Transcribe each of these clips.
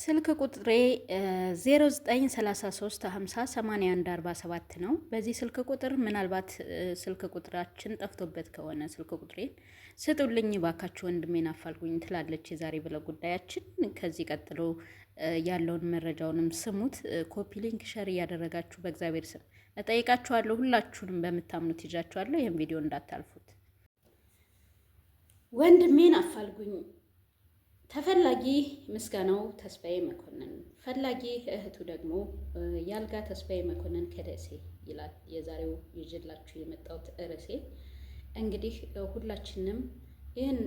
ስልክ ቁጥሬ 0933508147 ነው። በዚህ ስልክ ቁጥር ምናልባት ስልክ ቁጥራችን ጠፍቶበት ከሆነ ስልክ ቁጥሬን ስጡልኝ ባካችሁ፣ ወንድሜን አፋልጉኝ ትላለች የዛሬ ብለ ጉዳያችን። ከዚህ ቀጥሎ ያለውን መረጃውንም ስሙት። ኮፒ ሊንክ፣ ሸር እያደረጋችሁ በእግዚአብሔር ስም እጠይቃችኋለሁ። ሁላችሁንም በምታምኑት ይዣችኋለሁ። ይህም ቪዲዮ እንዳታልፉት። ወንድሜን አፋልጉኝ ተፈላጊ ምስጋናው ተስፋዬ መኮንን፣ ፈላጊ እህቱ ደግሞ ያልጋ ተስፋዬ መኮንን ከደሴ ይላል የዛሬው ይዤላችሁ የመጣሁት ርዕሴ። እንግዲህ ሁላችንም ይህን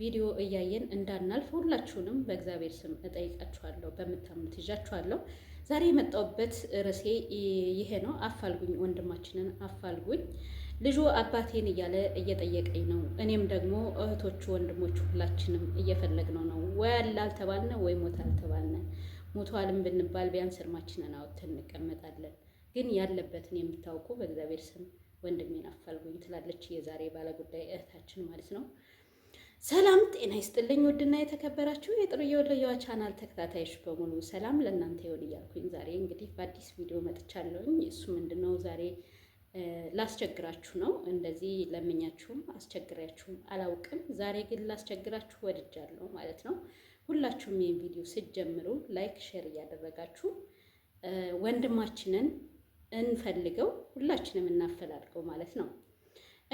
ቪዲዮ እያየን እንዳናልፍ ሁላችሁንም በእግዚአብሔር ስም እጠይቃችኋለሁ፣ በምታምኑት ይዣችኋለሁ። ዛሬ የመጣሁበት ርዕሴ ይሄ ነው። አፋልጉኝ፣ ወንድማችንን አፋልጉኝ። ልጁ አባቴን እያለ እየጠየቀኝ ነው። እኔም ደግሞ እህቶቹ፣ ወንድሞቹ ሁላችንም እየፈለግነው ነው። ወይ አለ አልተባልነ፣ ወይ ሞት አልተባልነ። ሞቷልም ብንባል ቢያንስ እርማችንን አውጥተን እንቀመጣለን። ግን ያለበትን የምታውቁ በእግዚአብሔር ስም ወንድሜን አፋልጉኝ ትላለች የዛሬ ባለጉዳይ እህታችን ማለት ነው። ሰላም ጤና ይስጥልኝ። ውድና የተከበራችሁ የጥሩ ወለየዋ ቻናል ተከታታዮች በሙሉ ሰላም ለእናንተ ይሆን እያልኩኝ ዛሬ እንግዲህ በአዲስ ቪዲዮ መጥቻለሁኝ። እሱ ምንድን ነው ዛሬ ላስቸግራችሁ ነው። እንደዚህ ለምኛችሁም አስቸግሪያችሁም አላውቅም። ዛሬ ግን ላስቸግራችሁ ወድጃለሁ ማለት ነው። ሁላችሁም ይህን ቪዲዮ ስትጀምሩ ላይክ፣ ሼር እያደረጋችሁ ወንድማችንን እንፈልገው፣ ሁላችንም እናፈላልገው ማለት ነው።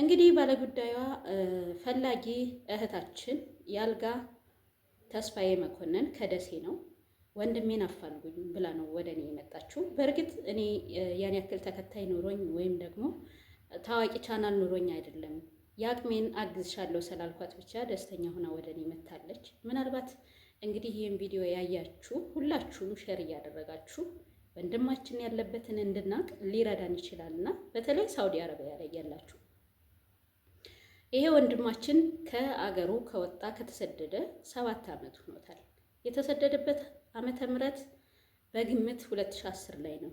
እንግዲህ ባለጉዳዩ ፈላጊ እህታችን ያልጋ ተስፋዬ መኮንን ከደሴ ነው። ወንድሜን አፋልጉኝ ብላ ነው ወደ እኔ የመጣችው። በእርግጥ እኔ ያን ያክል ተከታይ ኑሮኝ ወይም ደግሞ ታዋቂ ቻናል ኑሮኝ አይደለም። የአቅሜን አግዝሻለሁ ስላልኳት ብቻ ደስተኛ ሆና ወደ እኔ መታለች። ምናልባት እንግዲህ ይህን ቪዲዮ ያያችሁ ሁላችሁም ሸር እያደረጋችሁ ወንድማችን ያለበትን እንድናቅ ሊረዳን እና በተለይ ሳውዲ አረቢያ ላይ ያላችሁ ይሄ ወንድማችን ከአገሩ ከወጣ ከተሰደደ ሰባት ዓመት ሆኖታል። የተሰደደበት ዓመተ ምህረት በግምት 2010 ላይ ነው።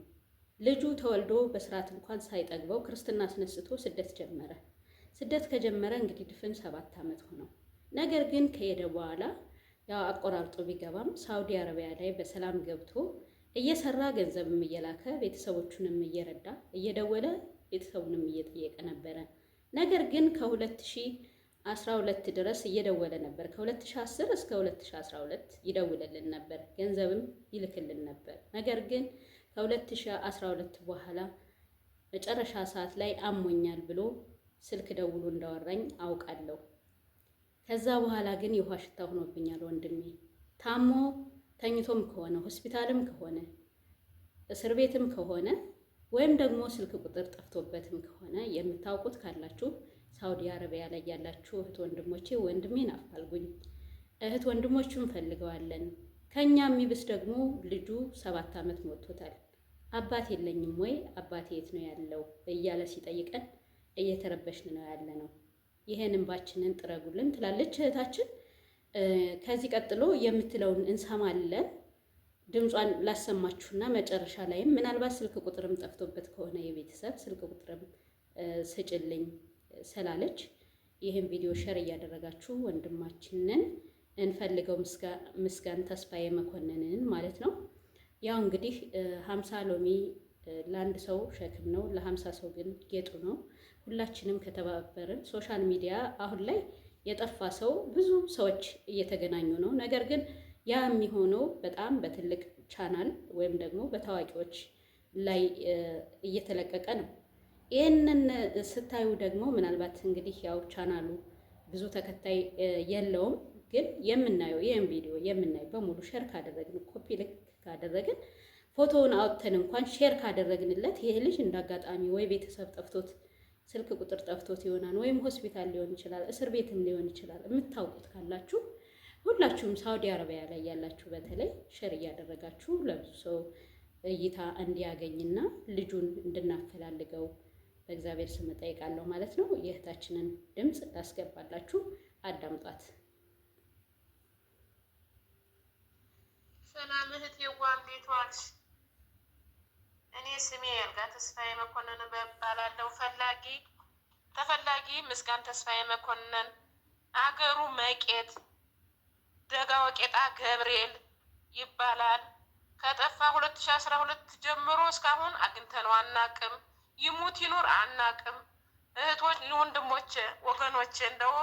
ልጁ ተወልዶ በስርዓት እንኳን ሳይጠግበው ክርስትና አስነስቶ ስደት ጀመረ። ስደት ከጀመረ እንግዲህ ድፍን ሰባት ዓመት ሆነው። ነገር ግን ከሄደ በኋላ ያው አቆራርጦ ቢገባም ሳውዲ አረቢያ ላይ በሰላም ገብቶ እየሰራ ገንዘብም እየላከ ቤተሰቦቹንም እየረዳ እየደወለ ቤተሰቡንም እየጠየቀ ነበረ። ነገር ግን ከሁለት ሺህ 12 ድረስ እየደወለ ነበር። ከ2010 እስከ 2012 ይደውልልን ነበር፣ ገንዘብም ይልክልን ነበር። ነገር ግን ከ2012 በኋላ መጨረሻ ሰዓት ላይ አሞኛል ብሎ ስልክ ደውሎ እንዳወራኝ አውቃለሁ። ከዛ በኋላ ግን የውሃ ሽታ ሆኖብኛል ወንድሜ። ታሞ ተኝቶም ከሆነ ሆስፒታልም ከሆነ እስር ቤትም ከሆነ ወይም ደግሞ ስልክ ቁጥር ጠፍቶበትም ከሆነ የምታውቁት ካላችሁ ሳውዲ አረቢያ ላይ ያላችሁ እህት ወንድሞቼ፣ ወንድሜን አፋልጉኝ። እህት ወንድሞቹ እንፈልገዋለን። ከእኛ የሚብስ ደግሞ ልጁ ሰባት ዓመት ሞቶታል። አባት የለኝም ወይ አባቴ የት ነው ያለው እያለ ሲጠይቀን እየተረበሽን ነው ያለ ነው። ይህን እንባችንን ጥረጉልን ትላለች እህታችን። ከዚህ ቀጥሎ የምትለውን እንሰማለን። ድምጿን ላሰማችሁና መጨረሻ ላይም ምናልባት ስልክ ቁጥርም ጠፍቶበት ከሆነ የቤተሰብ ስልክ ቁጥርም ስጭልኝ ስላለች ይህን ቪዲዮ ሸር እያደረጋችሁ ወንድማችንን እንፈልገው ምስጋን ተስፋዬ መኮንንን ማለት ነው። ያው እንግዲህ ሀምሳ ሎሚ ለአንድ ሰው ሸክም ነው፣ ለሀምሳ ሰው ግን ጌጡ ነው። ሁላችንም ከተባበርን ሶሻል ሚዲያ አሁን ላይ የጠፋ ሰው ብዙ ሰዎች እየተገናኙ ነው። ነገር ግን ያ የሚሆነው በጣም በትልቅ ቻናል ወይም ደግሞ በታዋቂዎች ላይ እየተለቀቀ ነው። ይህንን ስታዩ ደግሞ ምናልባት እንግዲህ ያው ቻናሉ ብዙ ተከታይ የለውም፣ ግን የምናየው ይህን ቪዲዮ የምናየው በሙሉ ሼር ካደረግን ኮፒ ልክ ካደረግን ፎቶውን አውጥተን እንኳን ሼር ካደረግንለት ይህ ልጅ እንዳጋጣሚ ወይ ቤተሰብ ጠፍቶት ስልክ ቁጥር ጠፍቶት ይሆናል፣ ወይም ሆስፒታል ሊሆን ይችላል፣ እስር ቤትም ሊሆን ይችላል። የምታውቁት ካላችሁ ሁላችሁም ሳውዲ አረቢያ ላይ ያላችሁ በተለይ ሼር እያደረጋችሁ ለብዙ ሰው እይታ እንዲያገኝና ልጁን እንድናፈላልገው በእግዚአብሔር ስም እጠይቃለሁ ማለት ነው። የእህታችንን ድምፅ ላስገባላችሁ፣ አዳምጧት። ሰላም እህቴዋ እንዴት ዋልሽ? እኔ ስሜ ያልጋ ተስፋዬ መኮንን እባላለሁ። ፈላጊ ተፈላጊ ምስጋን ተስፋዬ መኮንን አገሩ መቄት ደጋ ወቄጣ ገብርኤል ይባላል። ከጠፋ ሁለት ሺ አስራ ሁለት ጀምሮ እስካሁን አግኝተነው ቅም። ይሙት ይኑር አናቅም። እህቶች ወንድሞቼ፣ ወገኖቼ እንደው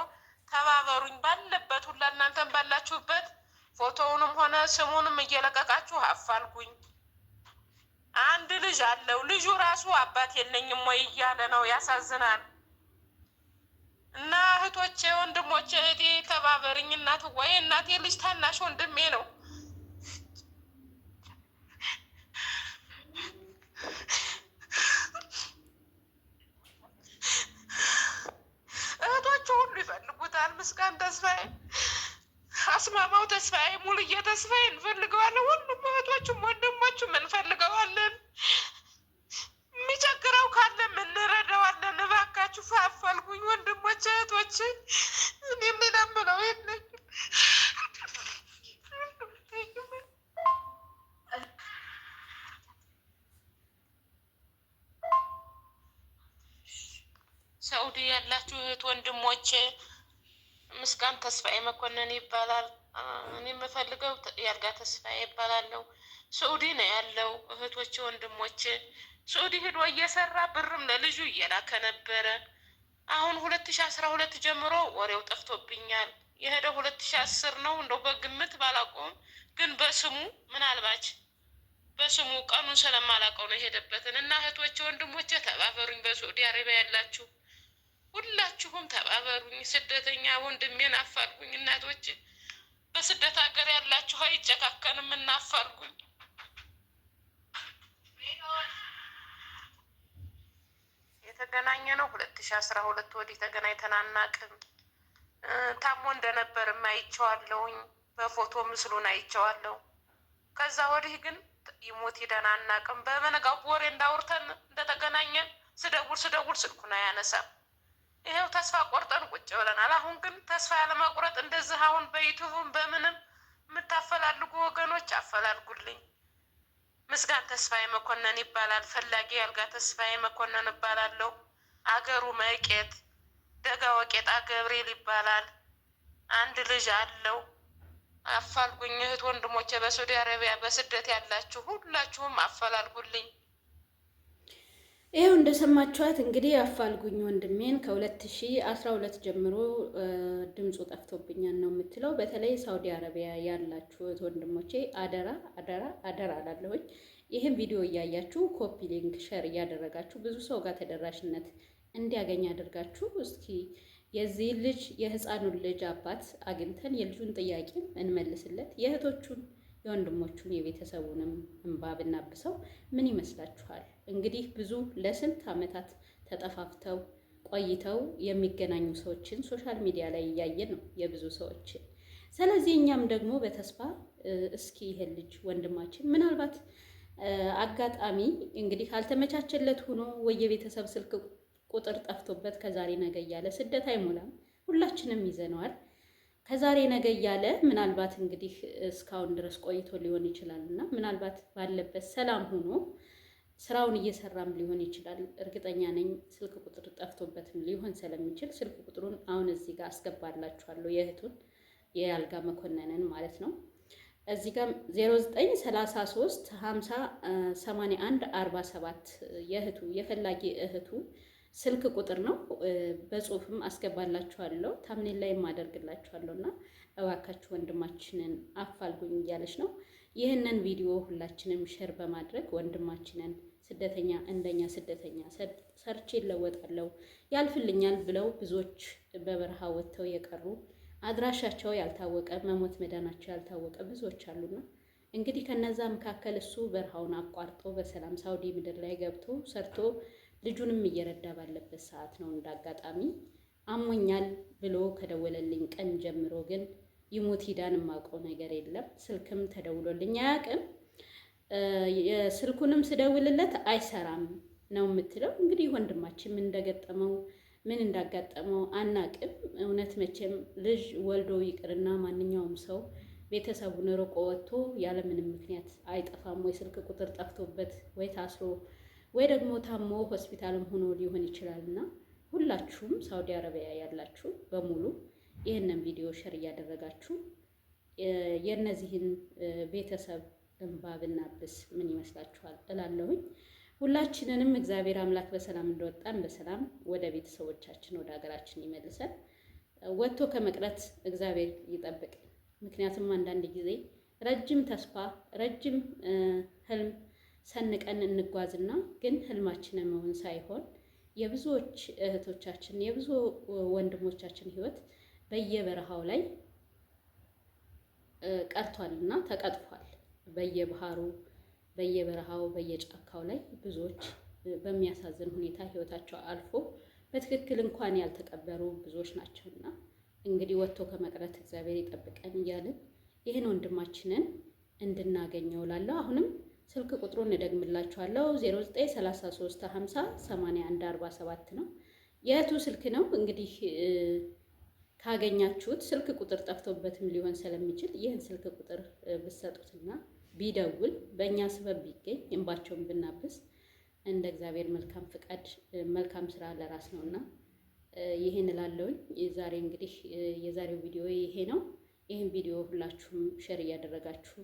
ተባበሩኝ ባለበት ሁላ እናንተን ባላችሁበት ፎቶውንም ሆነ ስሙንም እየለቀቃችሁ አፋልጉኝ። አንድ ልጅ አለው። ልጁ ራሱ አባት የለኝም ወይ እያለ ነው። ያሳዝናል። እና እህቶቼ፣ ወንድሞቼ፣ እህቴ ተባበርኝ። እናት ወይ እናቴ ልጅ ታናሽ ወንድሜ ነው ተስፋዬ ሙሉዬ ተስፋዬ እንፈልገዋለን። ሁሉም እህቶቹም ወንድሞቹም እንፈልገዋለን። የሚቸግረው ካለም እንረዳዋለን። እባካችሁ ፋፈልጉኝ ወንድሞች እህቶችን ተስፋዬ መኮንን ይባላል። እኔ የምፈልገው የአልጋ ተስፋዬ ይባላለው። ስዑዲ ነው ያለው። እህቶች ወንድሞች ስዑዲ ሄዶ እየሰራ ብርም ለልጁ እየላከ ነበረ። አሁን ሁለት ሺ አስራ ሁለት ጀምሮ ወሬው ጠፍቶብኛል። የሄደ ሁለት ሺ አስር ነው እንደው በግምት ባላቆም ግን በስሙ ምናልባች በስሙ ቀኑን ስለማላውቀው ነው የሄደበትን እና እህቶች ወንድሞቼ ተባበሩኝ። በሱዑዲ አረቢያ ያላችሁ ሁላችሁም ተባበሩኝ። ስደተኛ ወንድሜን አፋልጉኝ። እናቶች በስደት ሀገር ያላችሁ አይጨካከንም፣ እናፋልጉኝ። የተገናኘ ነው ሁለት ሺ አስራ ሁለት ወዲህ ተገናኝተን አናውቅም። ታሞ እንደነበርም አይቼዋለሁኝ በፎቶ ምስሉን አይቼዋለሁ። ከዛ ወዲህ ግን ይሞት ሄደን አናውቅም። በመነጋው ወሬ እንዳውርተን እንደተገናኘን ስደውል ስደውል ስልኩን አያነሳም። ይሄው ተስፋ ቆርጠን ቁጭ ብለናል። አሁን ግን ተስፋ ያለመቁረጥ እንደዚህ አሁን በዩቱብም በምንም የምታፈላልጉ ወገኖች አፈላልጉልኝ። ምስጋን ተስፋዬ መኮንን ይባላል። ፈላጊ ያልጋ ተስፋዬ መኮንን እባላለሁ። አገሩ መቄት ደጋ ወቄጣ ገብርኤል ይባላል። አንድ ልጅ አለው። አፋልጉኝ እህት ወንድሞቼ፣ በሳውዲ አረቢያ በስደት ያላችሁ ሁላችሁም አፈላልጉልኝ። ይኸው እንደሰማችኋት እንግዲህ አፋልጉኝ ወንድሜን ከ2012 ጀምሮ ድምፁ ጠፍቶብኛል ነው የምትለው። በተለይ ሳውዲ አረቢያ ያላችሁት ወንድሞቼ አደራ አደራ አደራ አላለሁኝ። ይህን ቪዲዮ እያያችሁ ኮፒ ሊንክ፣ ሸር እያደረጋችሁ ብዙ ሰው ጋር ተደራሽነት እንዲያገኝ አድርጋችሁ እስኪ የዚህ ልጅ የህፃኑን ልጅ አባት አግኝተን የልጁን ጥያቄ እንመልስለት የእህቶቹን የወንድሞቹን የቤተሰቡንም እንባ ብናብሰው ምን ይመስላችኋል? እንግዲህ ብዙ ለስንት ዓመታት ተጠፋፍተው ቆይተው የሚገናኙ ሰዎችን ሶሻል ሚዲያ ላይ እያየን ነው የብዙ ሰዎችን። ስለዚህ እኛም ደግሞ በተስፋ እስኪ ይሄ ልጅ ወንድማችን ምናልባት አጋጣሚ እንግዲህ አልተመቻቸለት ሆኖ ወይ የቤተሰብ ስልክ ቁጥር ጠፍቶበት ከዛሬ ነገ እያለ ስደት አይሞላም፣ ሁላችንም ይዘነዋል። ከዛሬ ነገ እያለ ምናልባት እንግዲህ እስካሁን ድረስ ቆይቶ ሊሆን ይችላል እና ምናልባት ባለበት ሰላም ሆኖ ስራውን እየሰራም ሊሆን ይችላል። እርግጠኛ ነኝ ስልክ ቁጥር ጠፍቶበትም ሊሆን ስለሚችል ስልክ ቁጥሩን አሁን እዚህ ጋር አስገባላችኋለሁ። የእህቱን የአልጋ መኮንንን ማለት ነው። እዚህ ጋር 0933 50 81 47 የእህቱ የፈላጊ እህቱ ስልክ ቁጥር ነው። በጽሁፍም አስገባላችኋለሁ ታምኔል ላይ ማደርግላችኋለሁ እና እባካችሁ ወንድማችንን አፋልጉኝ እያለች ነው። ይህንን ቪዲዮ ሁላችንም ሼር በማድረግ ወንድማችንን ስደተኛ እንደኛ ስደተኛ ሰርቼ ይለወጣለሁ ያልፍልኛል ብለው ብዙዎች በበረሃ ወጥተው የቀሩ አድራሻቸው ያልታወቀ መሞት መዳናቸው ያልታወቀ ብዙዎች አሉና እንግዲህ ከነዛ መካከል እሱ በረሃውን አቋርጦ በሰላም ሳውዲ ምድር ላይ ገብቶ ሰርቶ ልጁንም እየረዳ ባለበት ሰዓት ነው እንዳጋጣሚ አሞኛል ብሎ ከደወለልኝ ቀን ጀምሮ ግን ይሞት ሂዳን የማውቀው ነገር የለም። ስልክም ተደውሎልኝ አያውቅም። ስልኩንም ስደውልለት አይሰራም ነው የምትለው። እንግዲህ ወንድማችን ምን እንደገጠመው ምን እንዳጋጠመው አናቅም። እውነት መቼም ልጅ ወልዶ ይቅርና ማንኛውም ሰው ቤተሰቡን ርቆ ወጥቶ ያለምንም ምክንያት አይጠፋም ወይ ስልክ ቁጥር ጠፍቶበት ወይ ታስሮ ወይ ደግሞ ታሞ ሆስፒታልም ሆኖ ሊሆን ይችላል እና ሁላችሁም ሳውዲ አረቢያ ያላችሁ በሙሉ ይህንን ቪዲዮ ሸር እያደረጋችሁ የእነዚህን ቤተሰብ እንባ ብናብስ ምን ይመስላችኋል እላለሁኝ። ሁላችንንም እግዚአብሔር አምላክ በሰላም እንደወጣን በሰላም ወደ ቤተሰቦቻችን ወደ ሀገራችን ይመልሰን። ወጥቶ ከመቅረት እግዚአብሔር ይጠብቅ። ምክንያቱም አንዳንድ ጊዜ ረጅም ተስፋ ረጅም ህልም ሰንቀን እንጓዝና ግን ህልማችንን መሆን ሳይሆን የብዙዎች እህቶቻችን የብዙ ወንድሞቻችን ህይወት በየበረሃው ላይ እና ተቀጥፏል። በየባህሩ፣ በየበረሃው፣ በየጫካው ላይ ብዙዎች በሚያሳዝን ሁኔታ ህይወታቸው አልፎ በትክክል እንኳን ያልተቀበሩ ብዙዎች እና እንግዲህ ወጥቶ ከመቅረት እግዚአብሔር ይጠብቀን እያልን ይህን ወንድማችንን እንድናገኘው ላለው አሁንም ስልክ ቁጥሩን እደግምላችኋለሁ 0933508147 ነው። የእህቱ ስልክ ነው እንግዲህ ካገኛችሁት ስልክ ቁጥር ጠፍቶበትም ሊሆን ስለሚችል ይህን ስልክ ቁጥር ብትሰጡትና ቢደውል በእኛ ስበብ ቢገኝ እንባቸውን ብናብስ እንደ እግዚአብሔር መልካም ፍቃድ መልካም ስራ ለራስ ነውና ይሄን እላለሁኝ። ዛሬ እንግዲህ የዛሬው ቪዲዮ ይሄ ነው። ይህን ቪዲዮ ሁላችሁም ሼር እያደረጋችሁ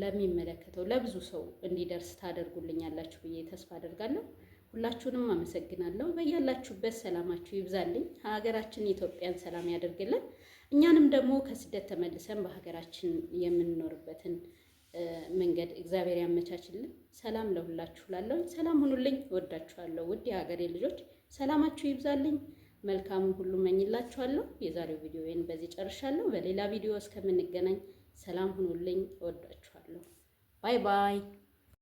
ለሚመለከተው ለብዙ ሰው እንዲደርስ ታደርጉልኛላችሁ ብዬ ተስፋ አደርጋለሁ። ሁላችሁንም አመሰግናለሁ። በያላችሁበት ሰላማችሁ ይብዛልኝ። ሀገራችን ኢትዮጵያን ሰላም ያደርግልን። እኛንም ደግሞ ከስደት ተመልሰን በሀገራችን የምንኖርበትን መንገድ እግዚአብሔር ያመቻችልን። ሰላም ለሁላችሁ ላለሁ ሰላም ሁኑልኝ። ወዳችኋለሁ ውድ የሀገሬ ልጆች፣ ሰላማችሁ ይብዛልኝ። መልካሙን ሁሉ መኝላችኋለሁ። የዛሬው ቪዲዮ በዚህ ጨርሻለሁ። በሌላ ቪዲዮ እስከምንገናኝ ሰላም ሁኑልኝ። እወዳችኋለሁ። ባይ ባይ